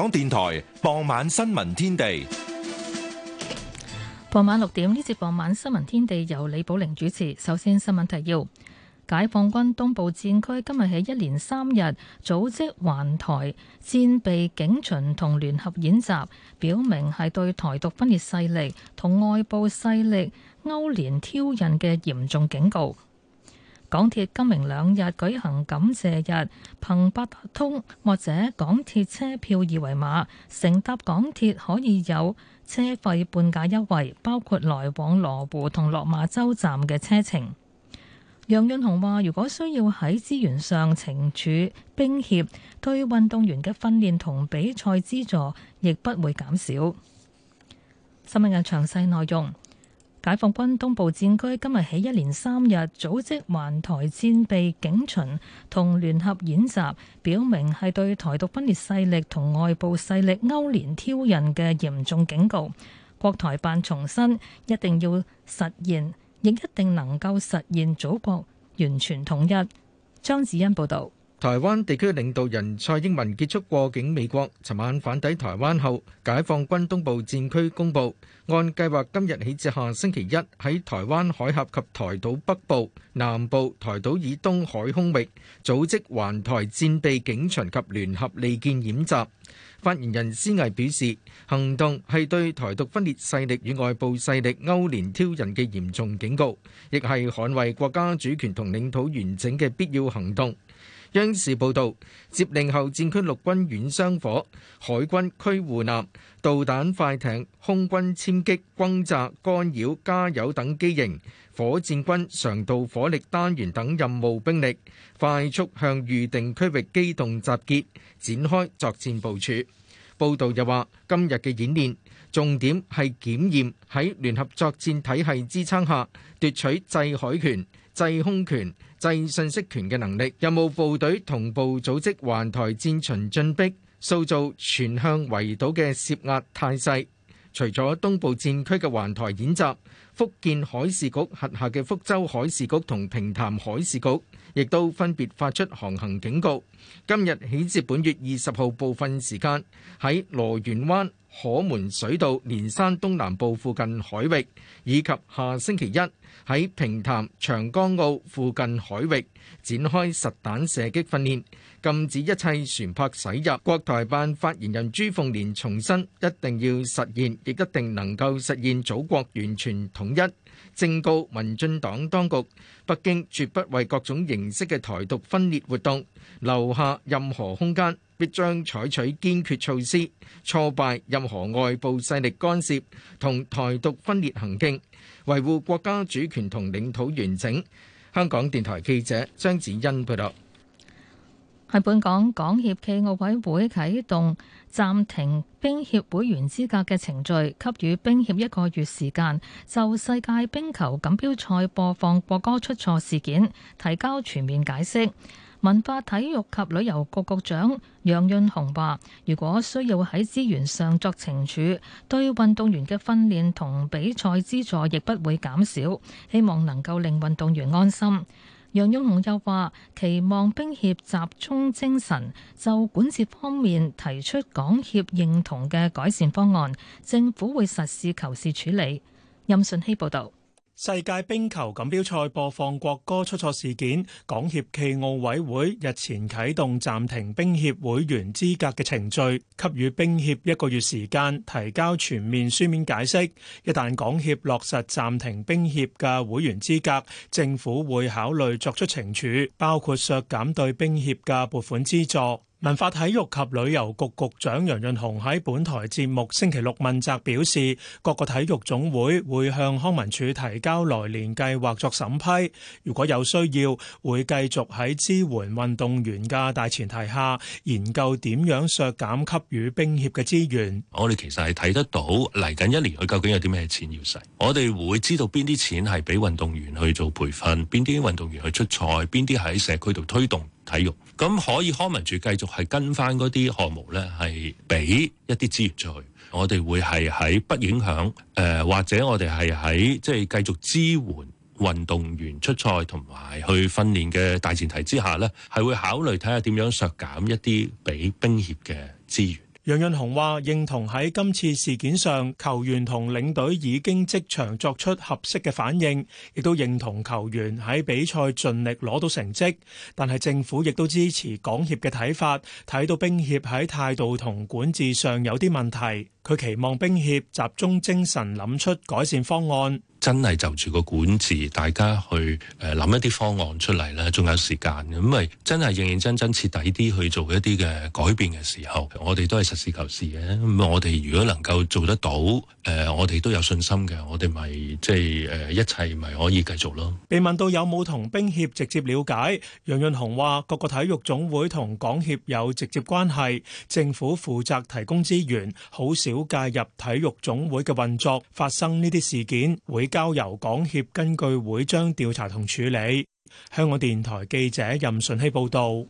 港電台傍晚新聞天地，傍晚六點呢節傍晚新聞天地由李寶玲主持。首先，新聞提要：解放軍東部戰區今日喺一連三日組織環台戰備警巡同聯合演習，表明係對台獨分裂勢力同外部勢力勾連挑釁嘅嚴重警告。港鐵今明兩日舉行感謝日，憑八達通或者港鐵車票二維碼，乘搭港鐵可以有車費半價優惠，包括來往羅湖同落馬洲站嘅車程。楊潤雄話：如果需要喺資源上懲處乒協，對運動員嘅訓練同比賽資助亦不會減少。新聞嘅詳細內容。解放軍東部戰區今日起一連三日組織環台戰備警巡同聯合演習，表明係對台獨分裂勢力同外部勢力勾連挑釁嘅嚴重警告。國台辦重申，一定要實現，亦一定能夠實現祖國完全統一。張子欣報導。台灣地區領導人蔡英文結束過境美國，尋晚返抵台灣後，解放軍東部戰區公佈，按計劃今日起至下星期一，喺台灣海峽及台島北部、南部、台島以東海空域組織環台戰備警巡及聯合利劍演習。發言人施毅表示，行動係對台獨分裂勢力與外部勢力勾連挑釁嘅嚴重警告，亦係捍衛國家主權同領土完整嘅必要行動。央視報導，接令後，戰區陸軍遠傷火、海軍驅護艦、導彈快艇、空軍殲擊轟炸、干擾加油等機型、火箭軍常導火力單元等任務兵力，快速向預定區域機動集結，展開作戰部署。報導又話，今日嘅演練，重點係檢驗喺聯合作戰體系支撐下奪取制海權、制空權、制信息權嘅能力。任務部隊同步組織環台戰巡進逼，塑造全向圍島嘅施壓態勢。除咗東部戰區嘅環台演習，福建海事局轄下嘅福州海事局同平潭海事局，亦都分別發出航行警告。今日起至本月二十號部分時間喺羅源灣、可門水道、連山東南部附近海域，以及下星期一喺平潭長江澳附近海域展開實彈射擊訓練，禁止一切船舶駛入。國台辦發言人朱鳳蓮重申，一定要實現，亦一定能夠實現祖國完全統一。正告民進黨當局，北京絕不為各種形式嘅台獨分裂活動留下任何空間，必將採取堅決措施，挫敗任何外部勢力干涉同台獨分裂行徑，維護國家主權同領土完整。香港電台記者張子欣報道。喺本港港協暨奧委會啟動暫停冰協會員資格嘅程序，給予冰協一個月時間，就世界冰球錦標賽播放國歌出錯事件提交全面解釋。文化體育及旅遊局局長楊潤雄話：如果需要喺資源上作懲處，對運動員嘅訓練同比賽資助亦不會減少，希望能夠令運動員安心。楊勇雄又話：期望冰協集中精神，就管治方面提出港協認同嘅改善方案，政府會實事求是處理。任信希報導。世界冰球錦標賽播放國歌出錯事件，港協暨奧委會日前啟動暫停冰協會員資格嘅程序，給予冰協一個月時間提交全面書面解釋。一旦港協落實暫停冰協嘅會員資格，政府會考慮作出懲處，包括削減對冰協嘅撥款資助。文化體育及旅遊局局長楊潤雄喺本台節目星期六問責表示，各個體育總會會向康文署提交來年計劃作審批，如果有需要，會繼續喺支援運動員嘅大前提下，研究點樣削減給予冰協嘅資源。我哋其實係睇得到嚟緊一年，佢究竟有啲咩錢要使，我哋會知道邊啲錢係俾運動員去做培訓，邊啲運動員去出賽，邊啲喺社區度推動。體育咁可以，康文署繼續係跟翻嗰啲項目，呢係俾一啲資源出去。我哋會係喺不影響誒，或者我哋係喺即係繼續支援運動員出賽同埋去訓練嘅大前提之下，呢係會考慮睇下點樣削減一啲俾冰協嘅資源。楊潤雄話認同喺今次事件上，球員同領隊已經即場作出合適嘅反應，亦都認同球員喺比賽盡力攞到成績。但係政府亦都支持港協嘅睇法，睇到冰協喺態度同管治上有啲問題，佢期望冰協集中精神諗出改善方案。真係就住個管治大家去誒諗、呃、一啲方案出嚟咧，仲有時間，咁咪真係認認真真徹底啲去做一啲嘅改變嘅時候，我哋都係實事求是嘅。咁、嗯、我哋如果能夠做得到，誒、呃、我哋都有信心嘅。我哋咪即係誒一切咪可以繼續咯。被問到有冇同冰協直接了解，楊潤雄話各個體育總會同港協有直接關係，政府負責提供資源，好少介入體育總會嘅運作。發生呢啲事件會。交由港協根據會章調查同處理。香港電台記者任順熙報道，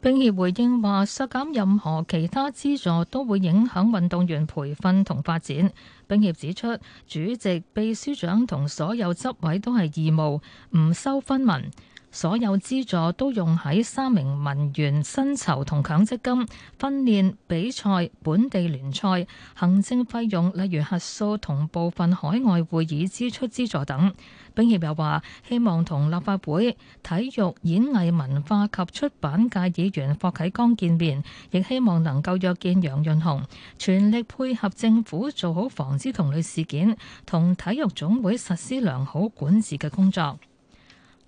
冰協回應話：削減任何其他資助都會影響運動員培訓同發展。冰協指出，主席、秘書長同所有執委都係義務，唔收分文。所有資助都用喺三名文員薪酬同強積金、訓練比賽、本地聯賽、行政費用，例如核數同部分海外會議支出資助等。冰協又話，希望同立法會體育演藝文化及出版界議員霍啟剛見面，亦希望能夠約見楊潤雄，全力配合政府做好防止同類事件同體育總會實施良好管治嘅工作。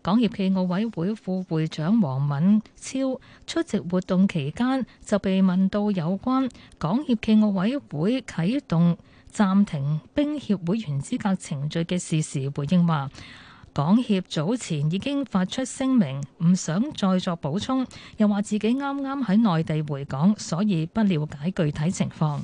港協暨奧委會副會長黃敏超出席活動期間，就被問到有關港協暨奧委會啟動暫停冰協會員資格程序嘅事時，回應話：港協早前已經發出聲明，唔想再作補充，又話自己啱啱喺內地回港，所以不了解具體情況。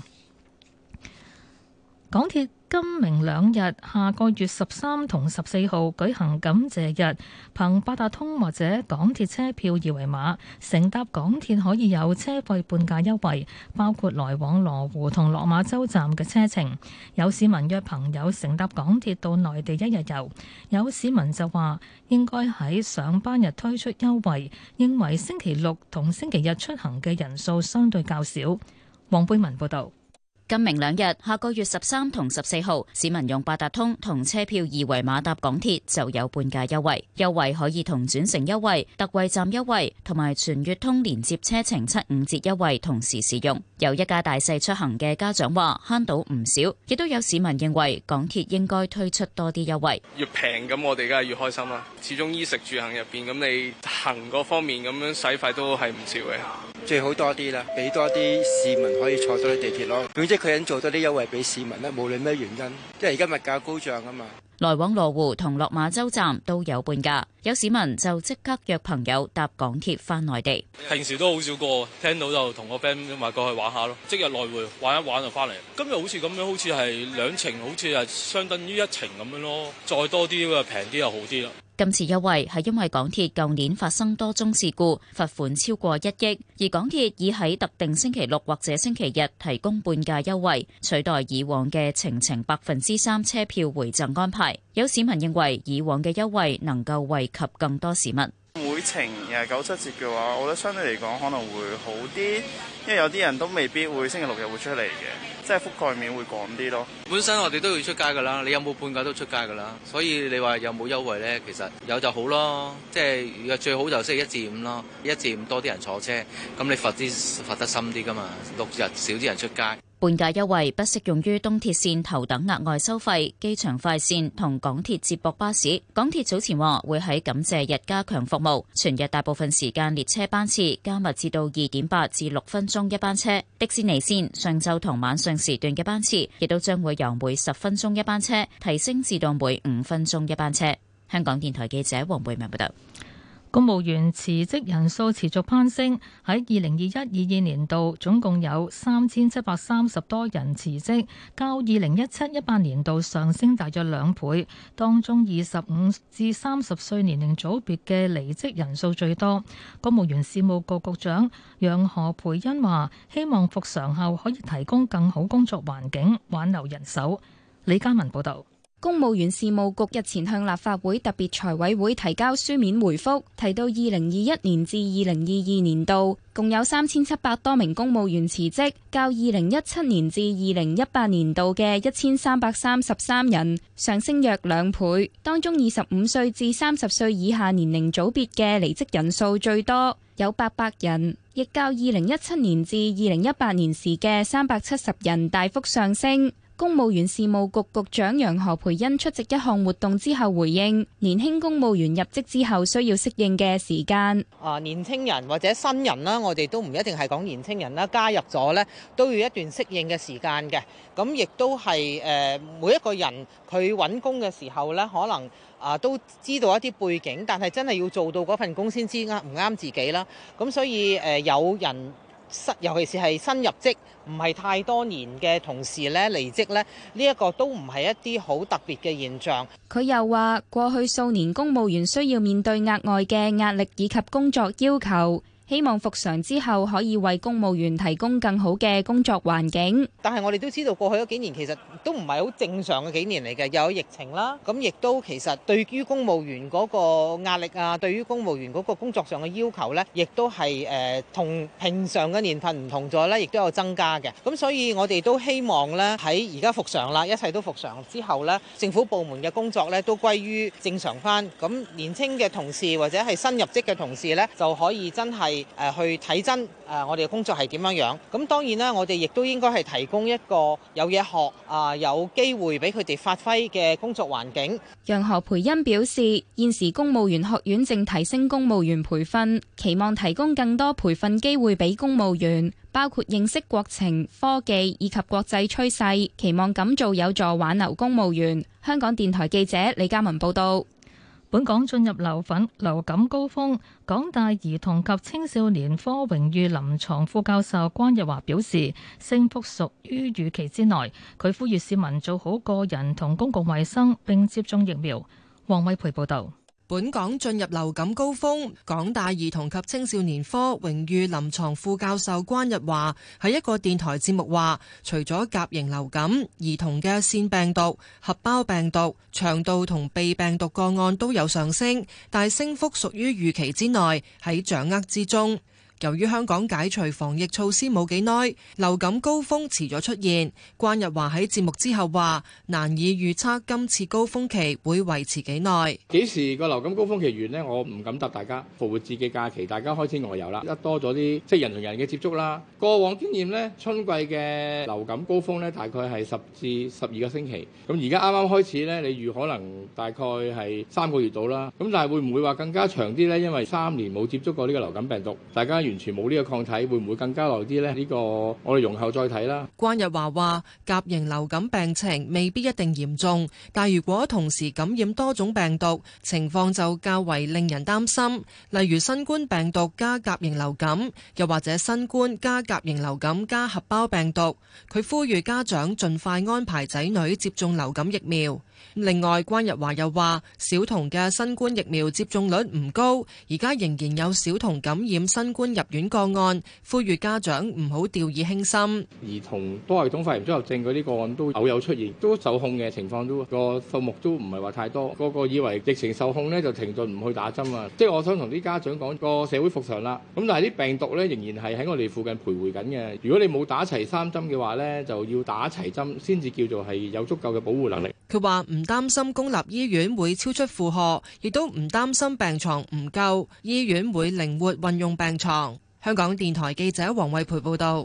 港鐵今明兩日，下個月十三同十四號舉行感謝日，憑八達通或者港鐵車票二維碼乘搭港鐵可以有車費半價優惠，包括來往羅湖同落馬洲站嘅車程。有市民約朋友乘搭港鐵到內地一日遊，有市民就話應該喺上班日推出優惠，認為星期六同星期日出行嘅人數相對較少。黃貝文報導。今明兩日，下個月十三同十四號，市民用八達通同車票二維碼搭港鐵就有半價優惠，優惠可以同轉乘優惠、特惠站優惠同埋全月通連接車程七五折優惠同時使用。有一家大細出行嘅家長話慳到唔少，亦都有市民認為港鐵應該推出多啲優惠。越平，咁我哋梗係越開心啦，始終衣食住行入邊，咁你行嗰方面咁樣使費都係唔少嘅，最好多啲啦，俾多啲市民可以坐多啲地鐵咯。佢應做多啲優惠俾市民啦，無論咩原因，因為而家物價高漲啊嘛。來往羅湖同落馬洲站都有半價，有市民就即刻約朋友搭港鐵翻內地。平時都好少過，聽到就同個 friend 話過去玩下咯，即日來回玩一玩就翻嚟。今日好似咁樣，好似係兩程，好似係相等於一程咁樣咯。再多啲嘅平啲又好啲咯。今次優惠係因為港鐵舊年發生多宗事故，罰款超過一億，而港鐵已喺特定星期六或者星期日提供半價優惠，取代以往嘅程程百分之三車票回贈安排。有市民認為以往嘅優惠能夠惠及更多市民。每程又係九七折嘅話，我覺得相對嚟講可能會好啲，因為有啲人都未必會星期六日會出嚟嘅，即係覆蓋面會廣啲咯。本身我哋都要出街噶啦，你有冇半價都出街噶啦。所以你話有冇優惠咧，其實有就好咯。即係最好就星期一至五咯，一至五多啲人坐車，咁你發啲發得深啲噶嘛。六日少啲人出街。半價優惠不適用於東鐵綫頭等額外收費、機場快綫同港鐵接駁巴士。港鐵早前話會喺感謝日加強服務，全日大部分時間列車班次加密至到二點八至六分鐘一班車。迪士尼綫上晝同晚上時段嘅班次亦都將會由每十分鐘一班車提升至到每五分鐘一班車。香港電台記者黃貝明報道。公務員辭職人數持續攀升，喺二零二一二二年度總共有三千七百三十多人辭職，較二零一七一八年度上升大約兩倍。當中二十五至三十歲年齡組別嘅離職人數最多。公務員事務局局局長楊何培恩話：希望復常後可以提供更好工作環境，挽留人手。李嘉文報導。公務員事務局日前向立法會特別財委會提交書面回覆，提到二零二一年至二零二二年度共有三千七百多名公務員辭職，較二零一七年至二零一八年度嘅一千三百三十三人上升約兩倍。當中二十五歲至三十歲以下年齡組別嘅離職人數最多，有八百人，亦較二零一七年至二零一八年時嘅三百七十人大幅上升。公務員事務局局長楊何蓓茵出席一項活動之後回應：年輕公務員入職之後需要適應嘅時間。啊，年輕人或者新人啦，我哋都唔一定係講年青人啦，加入咗呢都要一段適應嘅時間嘅。咁、嗯、亦都係誒、呃，每一個人佢揾工嘅時候呢，可能啊、呃、都知道一啲背景，但係真係要做到嗰份工先知啱唔啱自己啦。咁、嗯、所以誒、呃，有人。尤其是係新入職唔係太多年嘅同事咧，離職咧，呢一個都唔係一啲好特別嘅現象。佢又話，過去數年公務員需要面對額外嘅壓力以及工作要求。希望復常之後可以為公務員提供更好嘅工作環境。但係我哋都知道過去嗰幾年其實都唔係好正常嘅幾年嚟嘅，又有疫情啦，咁亦都其實對於公務員嗰個壓力啊，對於公務員嗰個工作上嘅要求呢，亦都係誒同平常嘅年份唔同咗呢，亦都有增加嘅。咁所以我哋都希望呢，喺而家復常啦，一切都復常之後呢，政府部門嘅工作呢都歸於正常翻。咁年輕嘅同事或者係新入職嘅同事呢，就可以真係。誒去睇真誒、啊、我哋嘅工作係點樣樣，咁、啊、當然啦，我哋亦都應該，係提供一個有嘢學啊，有機會俾佢哋發揮嘅工作環境。楊何培恩表示，現時公務員學院正提升公務員培訓，期望提供更多培訓機會俾公務員，包括認識國情、科技以及國際趨勢，期望咁做有助挽留公務員。香港電台記者李嘉文報道。本港進入流感流感高峰，港大兒童及青少年科榮譽臨床副教授關日華表示，升幅屬於預期之內。佢呼籲市民做好個人同公共衞生，並接種疫苗。黃偉培報導。本港進入流感高峰，港大兒童及青少年科榮譽臨床副教授關日華喺一個電台節目話，除咗甲型流感，兒童嘅腺病毒、核胞病毒、腸道同鼻病毒個案都有上升，但升幅屬於預期之內，喺掌握之中。由於香港解除防疫措施冇幾耐，流感高峰遲咗出現。關日華喺節目之後話：難以預測今次高峰期會維持幾耐。幾時個流感高峰期完呢？我唔敢答大家。復活節嘅假期，大家開始外遊啦，一多咗啲即係人同人嘅接觸啦。過往經驗呢，春季嘅流感高峰呢，大概係十至十二個星期。咁而家啱啱開始呢，你預可能大概係三個月到啦。咁但係會唔會話更加長啲呢？因為三年冇接觸過呢個流感病毒，大家。完全冇呢個抗體，會唔會更加耐啲咧？呢個我哋容後再睇啦。關日華話：甲型流感病情未必一定嚴重，但係如果同時感染多種病毒，情況就較為令人擔心。例如新冠病毒加甲型流感，又或者新冠加甲型流感加合胞病毒。佢呼籲家長盡快安排仔女接種流感疫苗。另外，關日華又話：小童嘅新冠疫苗接種率唔高，而家仍然有小童感染新冠。入院個案，呼籲家長唔好掉以輕心。兒童多系統發炎綜合症嗰啲個案都偶有出現，都受控嘅情況，都個數目都唔係話太多。個個以為疫情受控咧就停頓唔去打針啊！即係我想同啲家長講，個社會復常啦。咁但係啲病毒咧仍然係喺我哋附近徘徊緊嘅。如果你冇打齊三針嘅話咧，就要打齊針先至叫做係有足夠嘅保護能力。佢話唔擔心公立醫院會超出負荷，亦都唔擔心病床唔夠，醫院會靈活運用病床。香港電台記者黃慧培報道，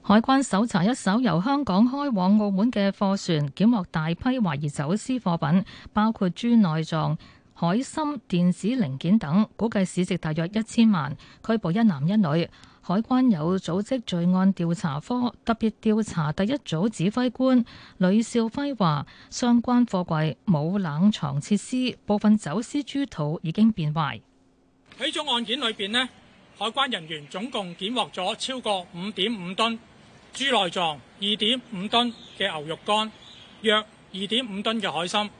海關搜查一艘由香港開往澳門嘅貨船，檢獲大批懷疑走私貨品，包括豬內臟、海參、電子零件等，估計市值大約一千萬，拘捕一男一女。海關有組織罪案調查科特別調查第一組指揮官呂少輝話，相關貨櫃冇冷藏設施，部分走私豬肚已經變壞。喺宗案件裏邊呢。海關人員總共檢獲咗超過五點五噸豬內臟、二點五噸嘅牛肉乾、約二點五噸嘅海參，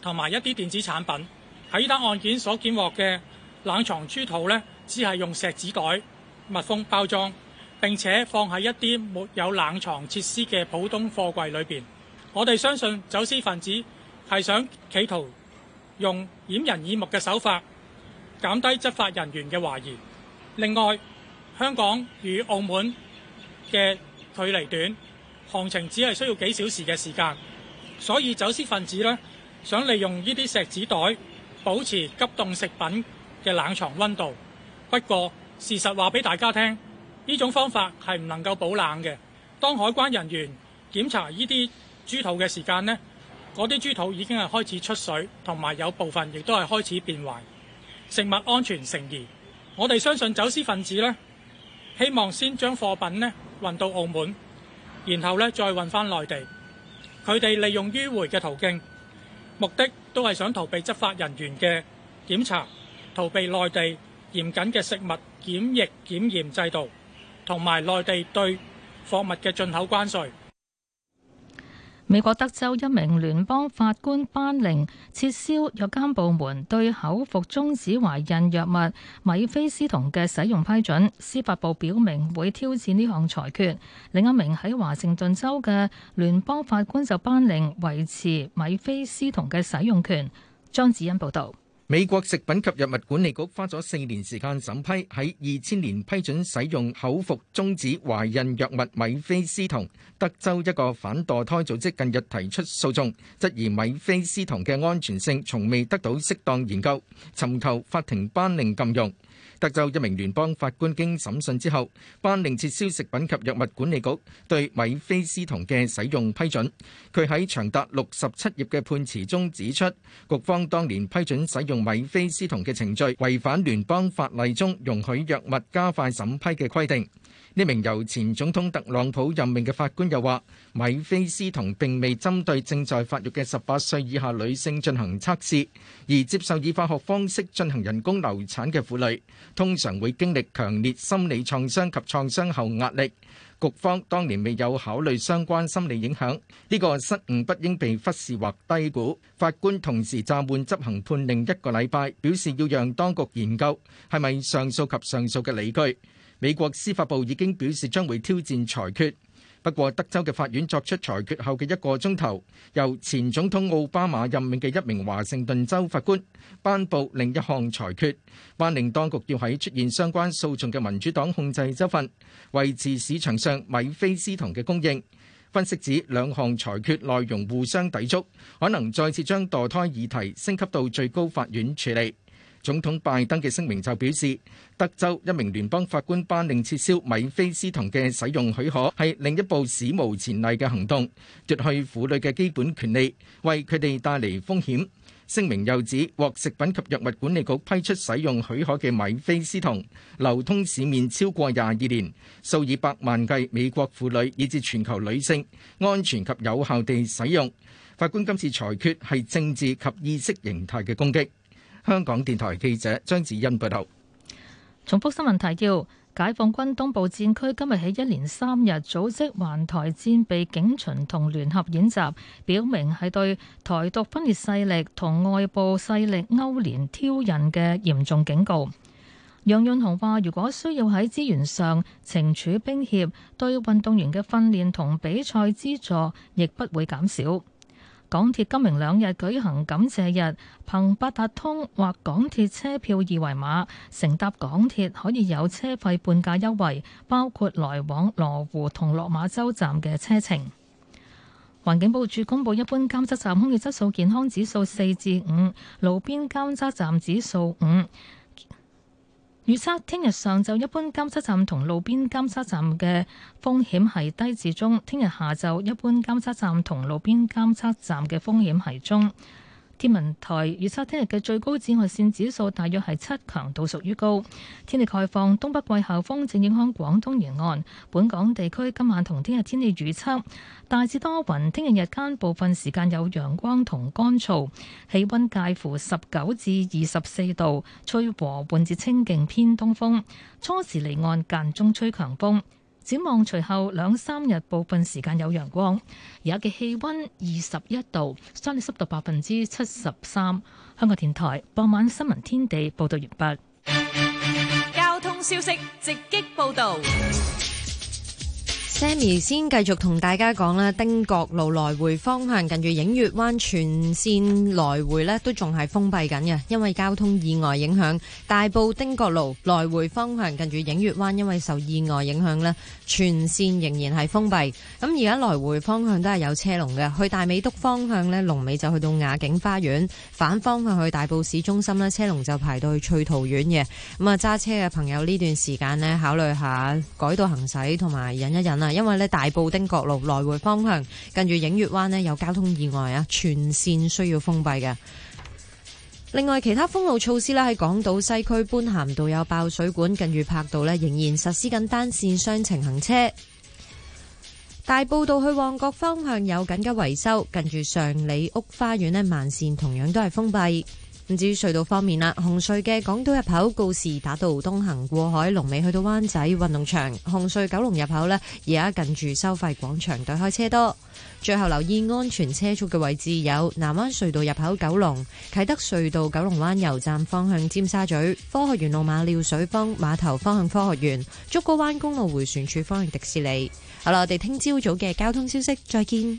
同埋一啲電子產品。喺呢單案件所檢獲嘅冷藏豬肚呢，只係用錫紙袋密封包裝，並且放喺一啲沒有冷藏設施嘅普通貨櫃裏邊。我哋相信走私分子係想企圖用掩人耳目嘅手法減低執法人員嘅懷疑。另外，香港與澳門嘅距離短，航程只係需要幾小時嘅時間，所以走私分子咧想利用呢啲錫紙袋保持急凍食品嘅冷藏溫度。不過事實話俾大家聽，呢種方法係唔能夠保冷嘅。當海關人員檢查呢啲豬肚嘅時間呢，嗰啲豬肚已經係開始出水，同埋有部分亦都係開始變壞，食物安全成疑。我哋相信走私分子咧，希望先將貨品咧運到澳門，然後咧再運翻內地。佢哋利用迂回嘅途徑，目的都係想逃避執法人員嘅檢查，逃避內地嚴謹嘅食物檢疫檢驗制度，同埋內地對貨物嘅進口關稅。美國德州一名聯邦法官頒令撤銷藥監部門對口服終止懷孕藥物米非司酮嘅使用批准，司法部表明會挑戰呢項裁決。另一名喺華盛頓州嘅聯邦法官就頒令維持米非司酮嘅使用權。張子欣報道。美國食品及藥物管理局花咗四年時間審批，喺二千年批准使用口服終止懷孕藥物米非司酮。德州一個反墮胎組織近日提出訴訟，質疑米非司酮嘅安全性從未得到適當研究，尋求法庭頒令禁用。德州一名聯邦法官經審訊之後，頒令撤銷食品及藥物管理局對米非司酮嘅使用批准。佢喺長達六十七頁嘅判詞中指出，局方當年批准使用米非司酮嘅程序違反聯邦法例中容許藥物加快審批嘅規定。呢名由前總統特朗普任命嘅法官又話：米菲斯同並未針對正在發育嘅十八歲以下女性進行測試，而接受以化學方式進行人工流產嘅婦女，通常會經歷強烈心理創傷及創傷後壓力。局方當年未有考慮相關心理影響，呢個失誤不應被忽視或低估。法官同時暫緩執行判令一個禮拜，表示要讓當局研究係咪上訴及上訴嘅理據。美國司法部已經表示將會挑戰裁決。不過，德州的法院作出裁決後的一個鐘頭，由前總統奧巴馬任命的一名華盛頓州法官頒布另一項裁決。頒令當局要喺出現相關訴訟的民主黨控制州份，維持市場上米非司酮的供應。分析指兩項裁決內容互相抵觸，可能再次將墮胎議題升級到最高法院處理。總統拜登嘅聲明就表示，德州一名聯邦法官頒令撤銷米非斯酮嘅使用許可，係另一步史無前例嘅行動，奪去婦女嘅基本權利，為佢哋帶嚟風險。聲明又指，獲食品及藥物管理局批出使用許可嘅米非斯酮，流通市面超過廿二年，數以百萬計美國婦女，以至全球女性，安全及有效地使用。法官今次裁決係政治及意識形態嘅攻擊。香港電台記者張子欣報道：重複新聞提要，解放軍東部戰區今日喺一連三日組織環台戰備警巡同聯合演習，表明係對台獨分裂勢力同外部勢力勾連挑釁嘅嚴重警告。楊潤雄話：如果需要喺資源上懲處兵協，對運動員嘅訓練同比賽資助亦不會減少。港鐵今明兩日舉行感謝日，憑八達通或港鐵車票二維碼乘搭港鐵可以有車費半價優惠，包括來往羅湖同落馬洲站嘅車程。環境保護署公佈，一般監測站空氣質素健康指數四至五，路邊監測站指數五。預測聽日上晝一般監測站同路邊監測站嘅風險係低至中，聽日下晝一般監測站同路邊監測站嘅風險係中。天文台預測聽日嘅最高紫外線指數大約係七，強度屬於高。天氣概況東北季候風正影響廣東沿岸，本港地區今晚同聽日天氣預測大致多雲，聽日日間部分時間有陽光同乾燥，氣溫介乎十九至二十四度，吹和緩至清勁偏東風，初時離岸間中吹強風。展望隨後兩三日，部分時間有陽光，而家嘅氣温二十一度，相對濕度百分之七十三。香港電台傍晚新聞天地報道完畢。交通消息直擊報導。Sammy 先繼續同大家講啦，丁角路來回方向近住映月灣全線來回呢都仲係封閉緊嘅，因為交通意外影響。大埔丁角路來回方向近住映月灣，因為受意外影響呢，全線仍然係封閉。咁而家來回方向都係有車龍嘅，去大美督方向呢，龍尾就去到雅景花園；反方向去大埔市中心呢，車龍就排到去翠桃苑嘅。咁啊，揸車嘅朋友呢段時間呢考慮下改道行駛同埋忍一忍啊！因為咧大埔汀角路來回方向近住映月灣咧有交通意外啊，全線需要封閉嘅。另外，其他封路措施咧喺港島西區般咸道有爆水管，近住柏道咧仍然實施緊單線雙程行車。大埔道去旺角方向有緊急維修，近住上李屋花園咧慢線同樣都係封閉。至於隧道方面啦，紅隧嘅港島入口告士打道東行過海龍尾去到灣仔運動場，紅隧九龍入口咧而家近住收費廣場對開車多。最後留意安全車速嘅位置有南灣隧道入口、九龍啟德隧道九龍灣油站方向、尖沙咀科學園路馬料水坊碼頭方向、科學園竹篙灣公路迴旋處方向迪士尼。好啦，我哋聽朝早嘅交通消息，再見。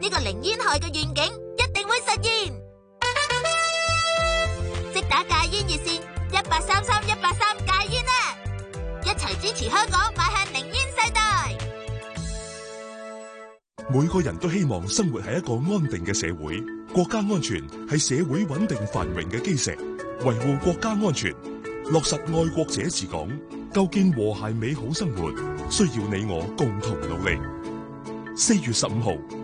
呢個零煙害嘅願景一定會實現。即打戒煙熱線一八三三一八三戒煙啦！一齊支持香港邁向零煙世代。每個人都希望生活喺一個安定嘅社會，國家安全係社會穩定繁榮嘅基石。維護國家安全，落實愛國者治港，構建和諧美好生活，需要你我共同努力。四月十五號。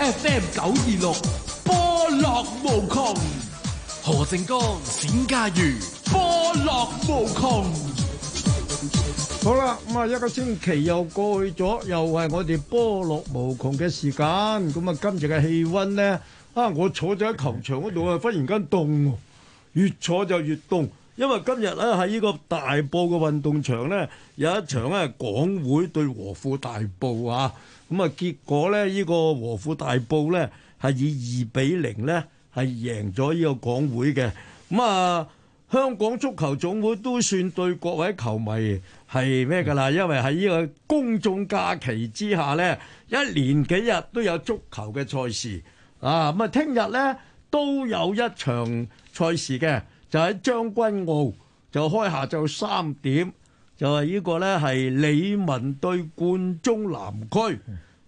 FM 九二六波樂無窮，何正江冼家瑜，波樂無窮。好啦，咁啊一個星期又過去咗，又係我哋波樂無窮嘅時間。咁啊今日嘅氣溫咧啊，我坐咗喺球場嗰度啊，忽然間凍，越坐就越凍。因為今日咧喺呢個大埔嘅運動場咧，有一場咧港會對和富大埔啊。咁啊，結果咧，呢個和富大埔咧係以二比零咧係贏咗呢個港會嘅。咁啊，香港足球總會都算對各位球迷係咩噶啦，因為喺呢個公眾假期之下咧，一連幾日都有足球嘅賽事啊！咁啊，聽日咧都有一場賽事嘅，就喺將軍澳，就開下晝三點。就係呢個咧，係李文對冠忠南區，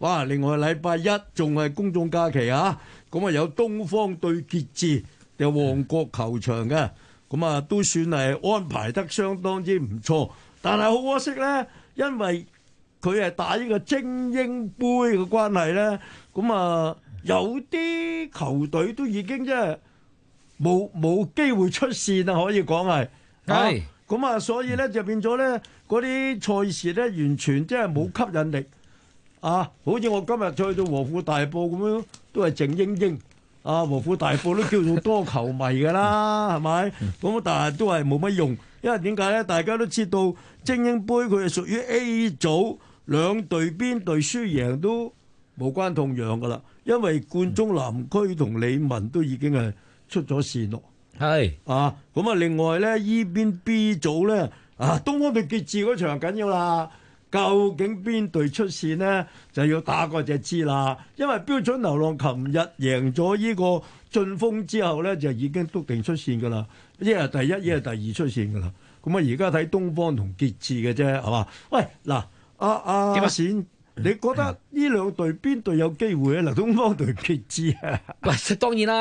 哇！另外禮拜一仲係公眾假期啊，咁啊有東方對傑志，有旺角球場嘅，咁啊都算係安排得相當之唔錯。但係好可惜咧，因為佢係打呢個精英杯嘅關係咧，咁啊有啲球隊都已經即係冇冇機會出線啊，可以講係。咁啊，所以咧就變咗咧，嗰啲賽事咧完全即係冇吸引力啊！好似我今日再去到和富大埔咁樣，都係靜英英啊！和富大埔都叫做多球迷噶啦，係咪？ 咁但係都係冇乜用，因為點解咧？大家都知道精英杯佢係屬於 A 組，兩隊邊隊輸贏都無關痛癢噶啦，因為冠忠南區同李文都已經係出咗線咯。係啊，咁啊，另外咧，依邊 B 組咧啊，東方對傑志嗰場緊要啦，究竟邊隊出線咧，就要打過只知啦。因為標準流浪琴日贏咗呢個晉峰之後咧，就已經篤定出線噶啦，一係第一，一係第二出線噶啦。咁啊，而家睇東方同傑志嘅啫，係嘛？喂，嗱，啊啊，點阿冼，嗯、你覺得呢兩隊邊隊有機會啊？嗱，東方隊傑志啊？喂， 當然啦。